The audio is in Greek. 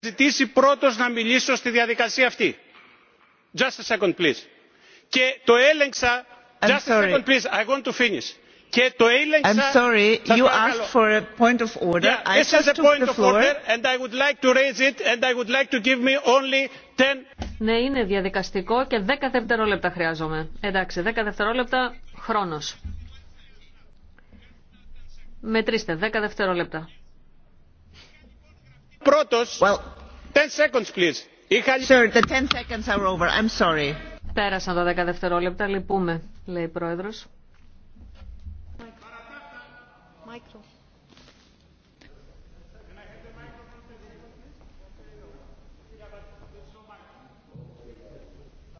ζητήσει πρώτος να μιλήσω στη διαδικασία αυτή. Just a second, please. Και το έλεγξα... I'm Just sorry. a second, please. I want to finish. Και το έλεγξα... I'm sorry. You asked for a point of order. Yeah, I this is a point of floor. order and I would like to raise it and I would like to give me only 10... Ναι, είναι διαδικαστικό και 10 δευτερόλεπτα χρειάζομαι. Εντάξει, 10 δευτερόλεπτα χρόνος. Μετρήστε, 10 δευτερόλεπτα πρώτος... Well... Ten seconds, please. Είχα... Sir, the ten seconds are over. I'm sorry. Πέρασαν τα 10 δευτερόλεπτα, λυπούμε, λέει η Πρόεδρος. Micro. Micro.